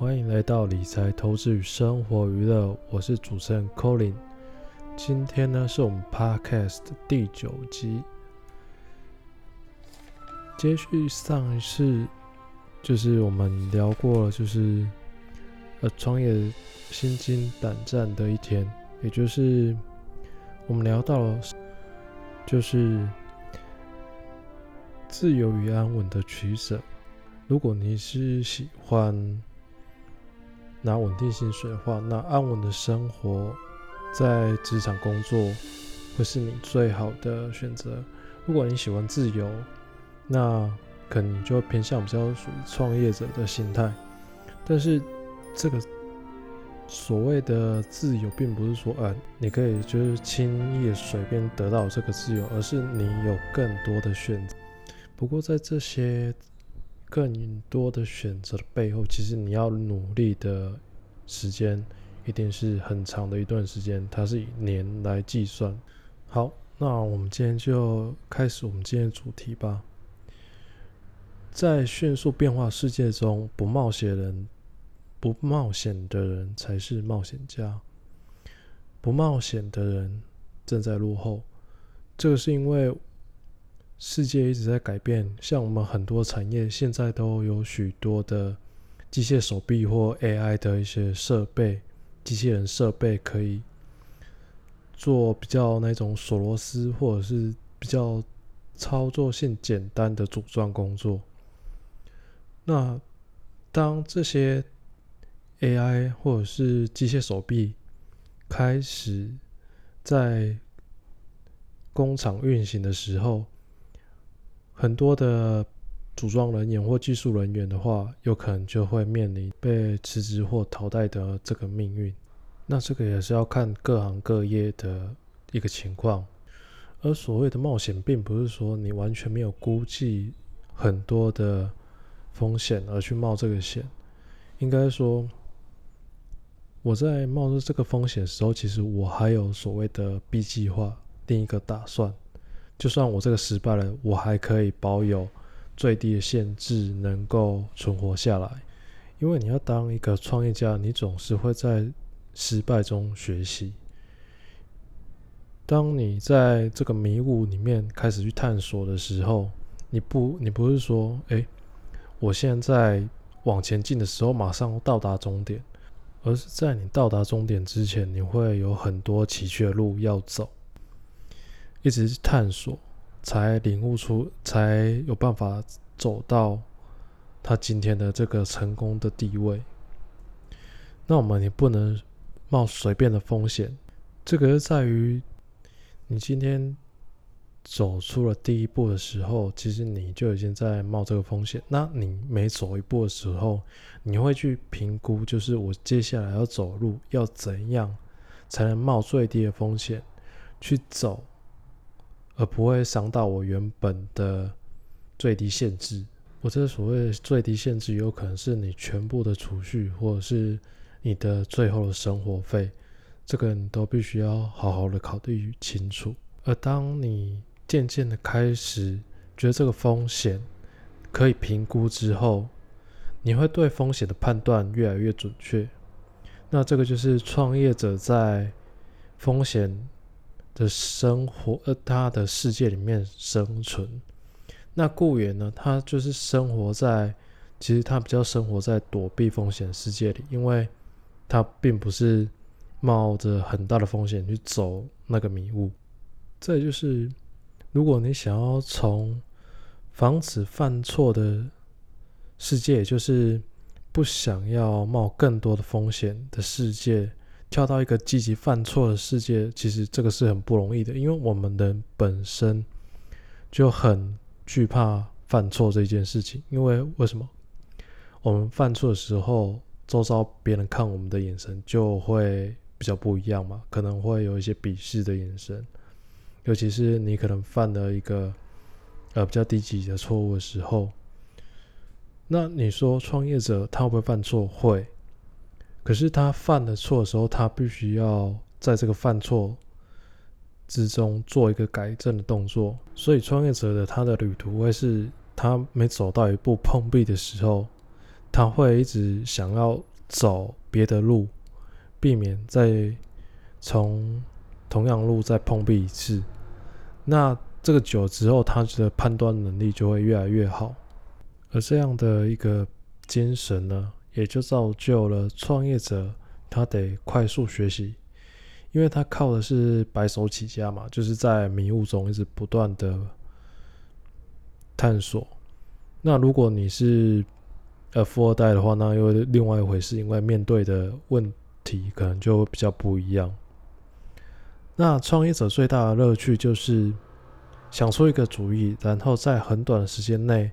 歡迎來到理財、投資與生活娛樂。我是主持人 Colin。今天呢，是我們 Podcast 的第九集。接續上一次，就是我們聊過了，就是呃創業心驚膽戰的一天，也就是我們聊到了，就是自由與安穩的取捨。如果你是喜歡拿穩定薪水的話，那安穩的生活，在職場工作會是你最好的選擇。如果你喜歡自由，那可能就偏向比較屬於創業者的心態。但是，這個所謂的自由，並不是說，嗯，你可以就是輕易的隨便得到這個自由，而是你有更多的選擇。不過，在這些。更多的選擇的背後，其實你要努力的時間一定是很長的一段時間，它是以年來計算。好，那我們今天就開始我們今天的主題吧。在迅速變化世界中，不冒險人，不冒險的人才是冒險家。不冒險的人正在落後，這個是因為。世界一直在改變，像我們很多產業現在都有許多的機械手臂或 AI 的一些設備、機器人設備，可以做比較那種鎖螺絲，或者是比較操作性簡單的組裝工作。那當這些 AI 或者是機械手臂開始在工廠運行的時候，很多的組裝人員或技術人員的話，有可能就會面臨被辭職或淘汰的這個命運。那這個也是要看各行各業的一個情況。而所謂的冒險，並不是說你完全沒有估計很多的風險而去冒這個險。應該說，我在冒着這個風險的時候，其實我還有所謂的 B 計劃，另一個打算。就算我這個失敗了，我還可以保有最低的限制，能夠存活下來。因為你要當一個創業家，你總是會在失敗中學習。當你在這個迷霧裡面開始去探索的時候，你不，你不是說，哎、欸，我現在往前進的時候馬上到達終點，而是在你到達終點之前，你會有很多崎嶇的路要走。一直探索，才領悟出，才有辦法走到他今天的這個成功的地位。那我們也不能冒隨便的風險，這個就在於你今天走出了第一步的時候，其實你就已經在冒這個風險。那你每走一步的時候，你會去評估，就是我接下來要走路要怎樣才能冒最低的風險去走。而不會傷到我原本的最低限制。我這所謂最低限制，有可能是你全部的儲蓄，或者是你的最後的生活費這個你都必須要好好的考慮清楚。而當你漸漸的開始覺得這個風險可以評估之後，你會對風險的判斷越來越準確。那這個就是創業者在風險。的生活，呃，他的世界裡面生存。那顧源呢？他就是生活在，其實他比較生活在躲避風險世界裡，因為他並不是冒着很大的風險去走那個迷霧。這就是，如果你想要從防止犯錯的世界，也就是不想要冒更多的風險的世界。跳到一個積極犯錯的世界，其實這個是很不容易的，因為我們人本身就很懼怕犯錯這件事情。因為為什麼？我們犯錯的時候，周遭別人看我們的眼神就會比較不一樣嘛，可能會有一些鄙視的眼神。尤其是你可能犯了一個呃比較低級的錯誤的時候，那你說創業者他會不會犯錯？會。可是他犯了錯的時候，他必須要在這個犯錯之中做一個改正的動作。所以，創業者的他的旅途會是他每走到一步碰壁的時候，他會一直想要走別的路，避免再從同樣路再碰壁一次。那這個久之後，他的判斷能力就會越來越好。而這樣的一個精神呢，也就造就了創業者，他得快速學習，因為他靠的是白手起家嘛，就是在迷霧中一直不斷的探索。那如果你是呃富二代的話，那又另外一回事，因為面對的問題可能就比較不一樣。那創業者最大的樂趣就是想出一個主意，然後在很短的時間內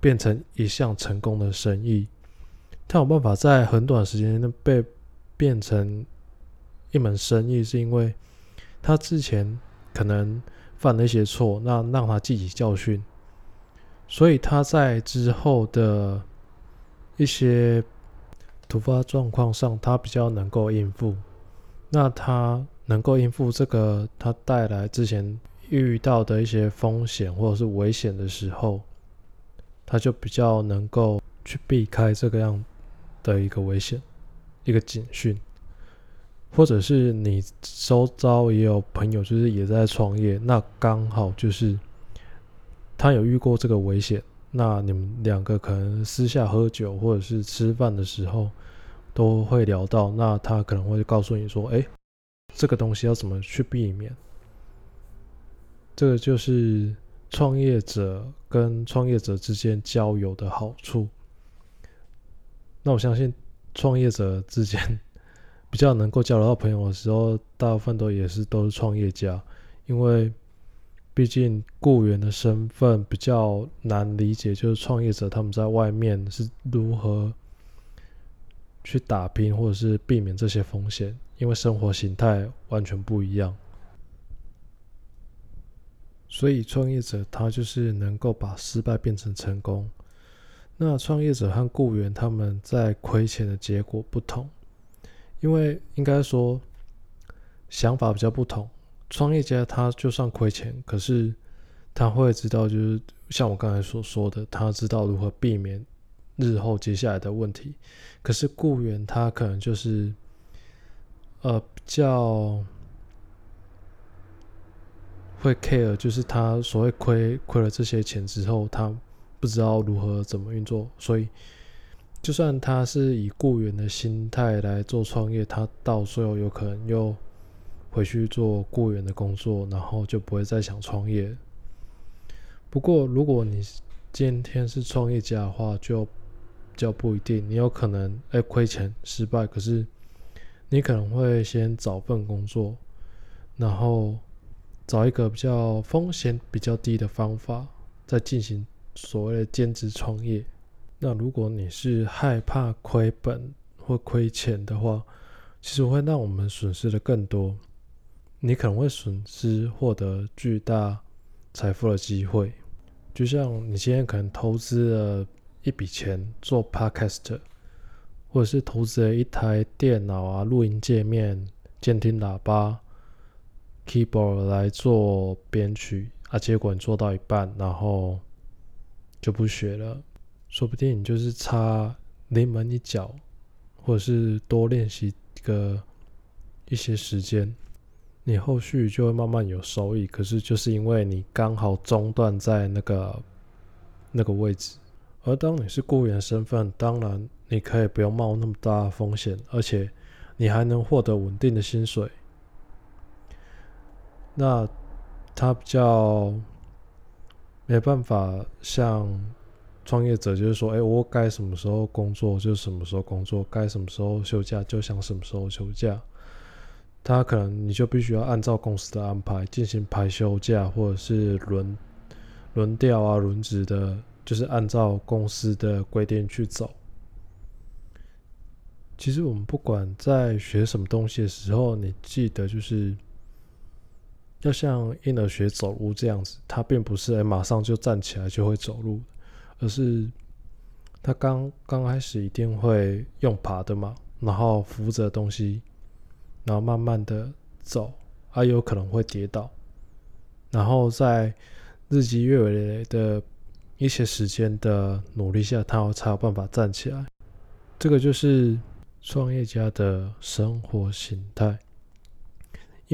變成一項成功的生意。他有辦法在很短時間內被變成一門生意，是因為他之前可能犯了一些錯，那讓他汲取教訓，所以他在之後的一些突發狀況上，他比較能夠應付。那他能夠應付這個他帶來之前遇到的一些風險或者是危險的時候，他就比較能夠去避開這個樣子。的一個危險，一個警訊，或者是你周遭也有朋友，就是也在創業，那剛好就是他有遇過這個危險，那你們兩個可能私下喝酒或者是吃飯的時候都會聊到，那他可能會告訴你說：“哎，這個東西要怎麼去避免？”這個就是創業者跟創業者之間交友的好處。那我相信，創業者之間比較能夠交得到朋友的時候，大部分都也是都是創業家，因為畢竟僱員的身份比較難理解，就是創業者他們在外面是如何去打拼，或者是避免這些風險，因為生活形態完全不一樣。所以創業者他就是能夠把失敗變成成功。那創業者和雇員他們在虧錢的結果不同，因為應該說想法比較不同。創業家他就算虧錢，可是他會知道，就是像我剛才所說的，他知道如何避免日後接下來的問題。可是雇員他可能就是，呃，比較會 care，就是他所謂虧虧了這些錢之後，他不知道如何怎麼運作，所以就算他是以僱員的心態來做創業，他到時候有可能又回去做僱員的工作，然後就不會再想創業。不過，如果你今天是創業家的話，就就不一定，你有可能會、欸、虧錢失敗，可是你可能會先找份工作，然後找一個比較風險比較低的方法再進行。所謂的兼職創業，那如果你是害怕虧本或虧錢的話，其實會讓我們損失的更多。你可能會損失獲得巨大財富的機會，就像你今天可能投資了一筆錢做 podcast，或者是投資了一台電腦啊、錄音界面、監聽喇叭、keyboard 來做編曲啊，結果你做到一半，然後。就不學了，說不定你就是差臨門一腳，或者是多練習個一些時間，你後續就會慢慢有收益。可是就是因為你剛好中斷在那個那個位置，而當你是雇員身份，當然你可以不用冒那麼大的風險，而且你還能獲得穩定的薪水。那它比較。沒辦法像創業者，就是說，哎、欸，我該什麼時候工作就什麼時候工作，該什麼時候休假就想什麼時候休假。他可能你就必須要按照公司的安排進行排休假，或者是輪輪調啊、輪值的，就是按照公司的規定去走。其實我們不管在學什麼東西的時候，你記得就是。要像嬰兒學走路這樣子，他並不是哎、欸、馬上就站起來就會走路，而是他剛剛開始一定會用爬的嘛，然後扶着東西，然後慢慢的走，啊有可能會跌倒，然後在日積月累的一些時間的努力下，他才有辦法站起來。這個就是創業家的生活形態。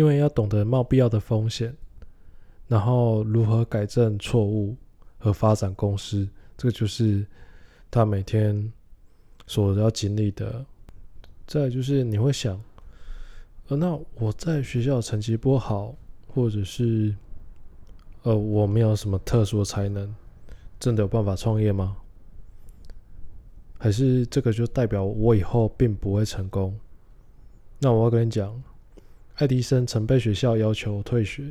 因為要懂得冒必要的風險，然後如何改正錯誤和發展公司，這個就是他每天所要經歷的。再就是你會想，呃，那我在學校成績不好，或者是呃，我沒有什麼特殊的才能，真的有辦法創業嗎？還是這個就代表我以後並不會成功？那我要跟你講，愛迪生曾被學校要求退學，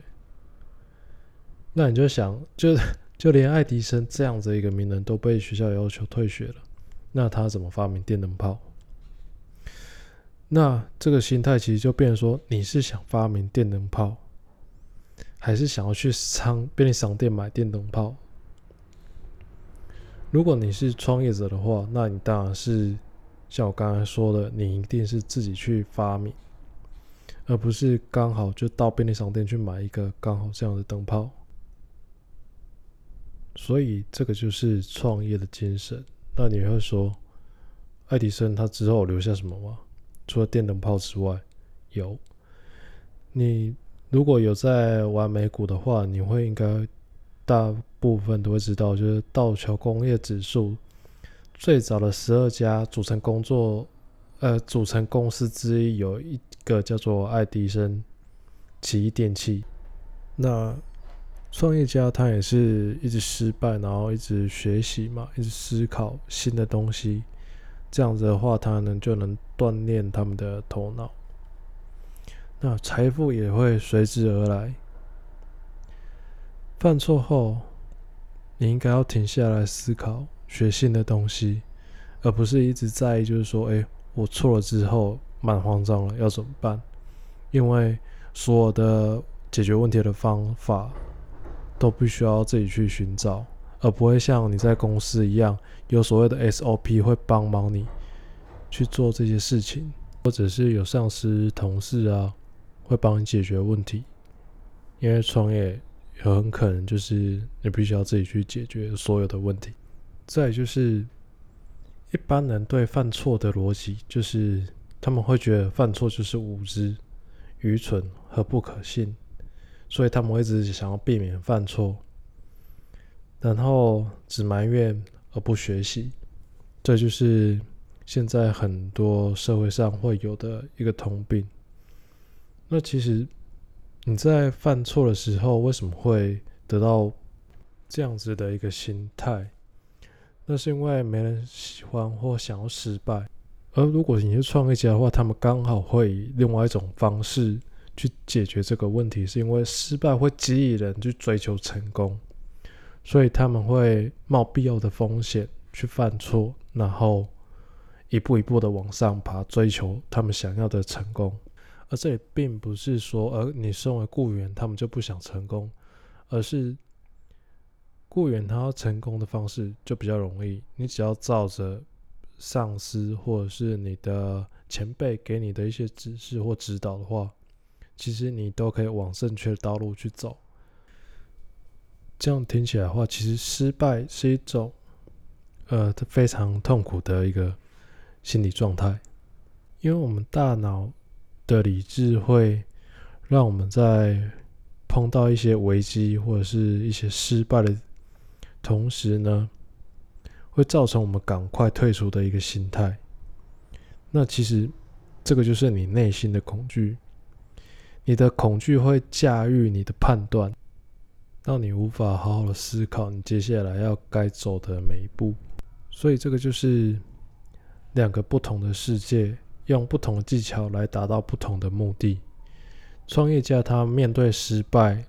那你就想，就就連愛迪生這樣子一個名人都被學校要求退學了，那他怎麼發明電燈泡？那這個心態其實就變成說，你是想發明電燈泡，還是想要去商便利商店買電燈泡？如果你是創業者的話，那你當然是像我剛才說的，你一定是自己去發明。而不是剛好就到便利商店去買一個剛好這樣的燈泡，所以這個就是創業的精神。那你會說，愛迪生他之後留下什麼嗎？除了電燈泡之外，有。你如果有在玩美股的話，你會應該大部分都會知道，就是道瓊工業指數最早的十二家組成工作，呃，組成公司之一有一。一個叫做愛迪生奇異電器。那創業家他也是一直失敗，然後一直學習嘛，一直思考新的東西，這樣子的話，他呢就能鍛鍊他們的頭腦，那財富也會隨之而來。犯錯後，你應該要停下來思考，學新的東西，而不是一直在意，就是說，哎、欸，我錯了之後。蠻慌張了，要怎麼辦？因為所有的解決問題的方法都必須要自己去尋找，而不會像你在公司一樣，有所謂的 SOP 會幫忙你去做這些事情，或者是有上司、同事啊會幫你解決問題。因為創業有很可能就是你必須要自己去解決所有的問題。再來就是一般人對犯錯的邏輯就是。他們會覺得犯錯就是無知、愚蠢和不可信，所以他們會自己想要避免犯錯，然後只埋怨而不學習。這就是現在很多社會上會有的一個通病。那其實你在犯錯的時候，為什麼會得到這樣子的一個心態？那是因為沒人喜歡或想要失敗。而如果你是創業家的話，他們剛好會以另外一種方式去解決這個問題，是因為失敗會激勵人去追求成功，所以他們會冒必要的風險去犯錯，然後一步一步的往上爬，追求他們想要的成功。而這也並不是說，而你身為雇員，他們就不想成功，而是雇員他要成功的方式就比較容易，你只要照着。上司或者是你的前輩給你的一些指示或指導的話，其實你都可以往正確的道路去走。這樣聽起來的話，其實失敗是一種，呃，非常痛苦的一個心理狀態，因為我們大腦的理智會讓我們在碰到一些危機或者是一些失敗的同時呢，會造成我們趕快退出的一個心態，那其實這個就是你內心的恐懼，你的恐懼會駕馭你的判斷，讓你無法好好的思考你接下來要該走的每一步，所以這個就是兩個不同的世界，用不同的技巧來達到不同的目的。創業家他面對失敗，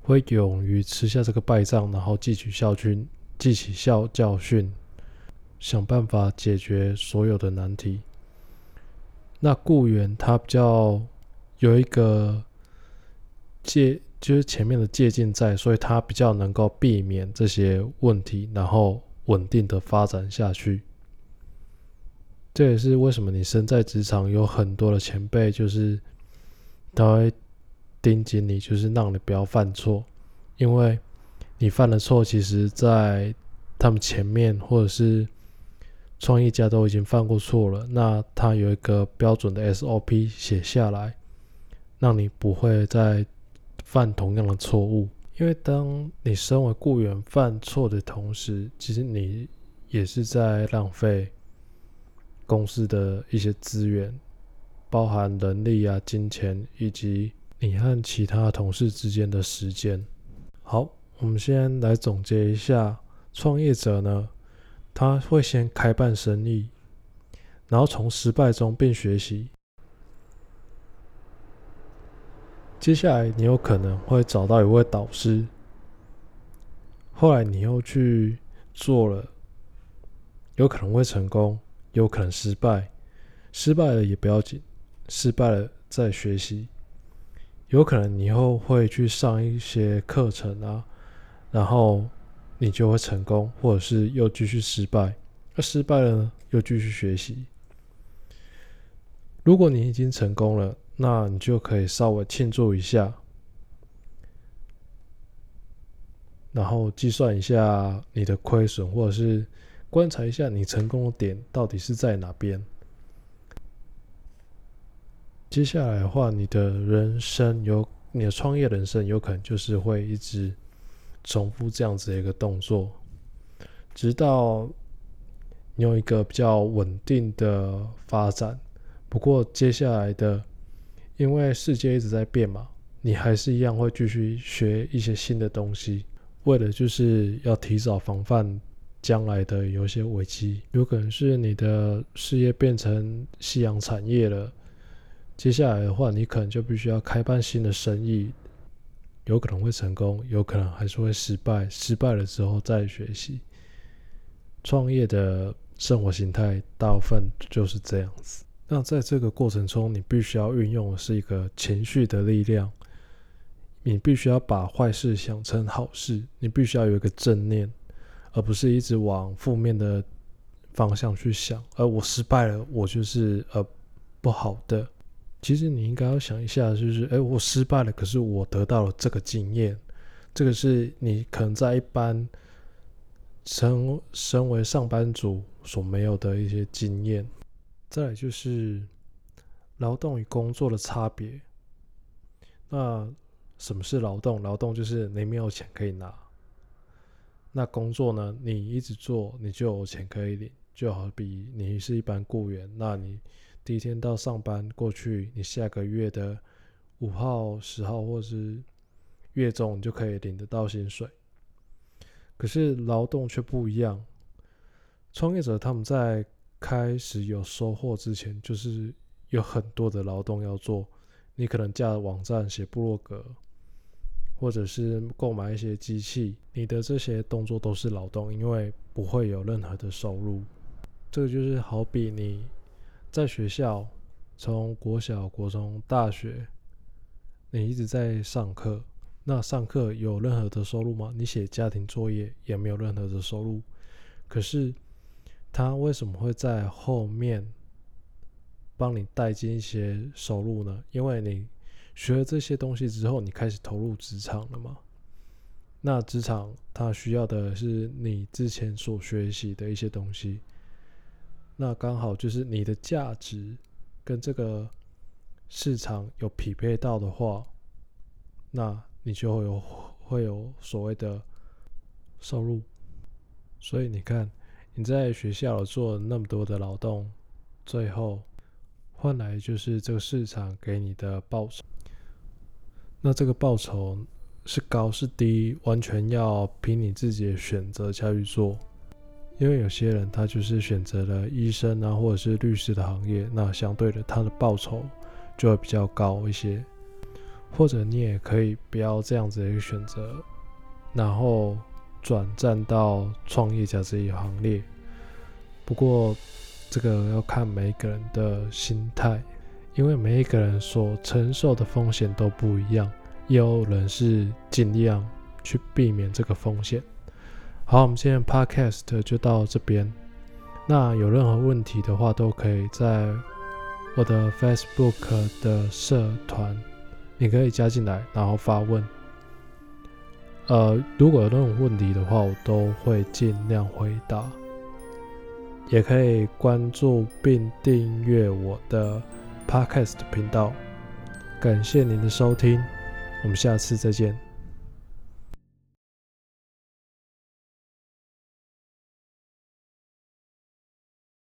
會勇於吃下這個敗仗，然後汲取教訓教教訓，汲取教教訓。想辦法解決所有的難題。那僱員他比較有一個借，就是前面的借鑑在，所以他比較能夠避免這些問題，然後穩定的發展下去。這也是為什麼你身在職場有很多的前輩，就是他會盯緊你，就是讓你不要犯錯，因為你犯了錯，其實，在他們前面或者是。創業家都已經犯過錯了，那他有一個標準的 SOP 寫下來，讓你不會再犯同樣的錯誤。因為當你身為雇員犯錯的同時，其實你也是在浪費公司的一些資源，包含人力啊、金錢以及你和其他同事之間的時間。好，我們先來總結一下，創業者呢。他會先開辦生意，然後從失敗中變學習。接下來你有可能會找到一位導師，後來你又去做了，有可能會成功，有可能失敗，失敗了也不要緊，失敗了再學習。有可能你以後會去上一些課程啊，然後。你就會成功，或者是又繼續失敗。那失敗了呢？又繼續學習。如果你已經成功了，那你就可以稍微慶祝一下，然後計算一下你的虧損，或者是觀察一下你成功的點到底是在哪邊。接下來的話，你的人生有，你的創業人生，有可能就是會一直。重複這樣子的一個動作，直到你有一個比較穩定的發展。不過接下來的，因為世界一直在變嘛，你還是一樣會繼續學一些新的東西，為了就是要提早防範將來的有一些危機。有可能是你的事業變成夕陽產業了，接下來的話，你可能就必須要開辦新的生意。有可能會成功，有可能還是會失敗。失敗了之後再學習。創業的生活形態大部分就是這樣子。那在這個過程中，你必須要運用的是一個情緒的力量。你必須要把壞事想成好事，你必須要有一個正念，而不是一直往負面的方向去想。而我失敗了，我就是呃，不好的。其實你應該要想一下，就是，誒，我失敗了，可是我得到了這個經驗，這個是你可能在一般身，身身為上班族所沒有的一些經驗。再來就是，勞動與工作的差別。那什麼是勞動？勞動就是你沒有錢可以拿。那工作呢？你一直做，你就有錢可以領。就好比你是一般僱員，那你。第一天到上班過去，你下個月的五號、十號或是月中，你就可以領得到薪水。可是勞動卻不一樣，創業者他們在開始有收穫之前，就是有很多的勞動要做。你可能架網站、寫部落格，或者是購買一些機器，你的這些動作都是勞動，因為不會有任何的收入。這個就是好比你。在學校，從國小、國中、大學，你一直在上課。那上課有任何的收入嗎？你寫家庭作業也沒有任何的收入。可是，他為什麼會在後面幫你帶進一些收入呢？因為你學了這些東西之後，你開始投入職場了嘛。那職場他需要的是你之前所學習的一些東西。那剛好就是你的價值跟這個市場有匹配到的話，那你就會有會有所謂的收入。所以你看，你在學校做了那麼多的勞動，最後換來就是這個市場給你的報酬。那這個報酬是高是低，完全要憑你自己的選擇下去做。因為有些人他就是選擇了醫生啊，或者是律師的行業，那相對的他的報酬就會比較高一些。或者你也可以不要這樣子的一個選擇，然後轉戰到創業家這一行列。不過這個要看每一個人的心態，因為每一個人所承受的風險都不一樣，也有人是盡量去避免這個風險。好，我們現在 podcast 就到這邊。那有任何問題的話，都可以在我的 Facebook 的社團，你可以加進來，然後發問。呃，如果有任何問題的話，我都會盡量回答。也可以關注並訂閱我的 podcast 頻道。感謝您的收聽，我們下次再見。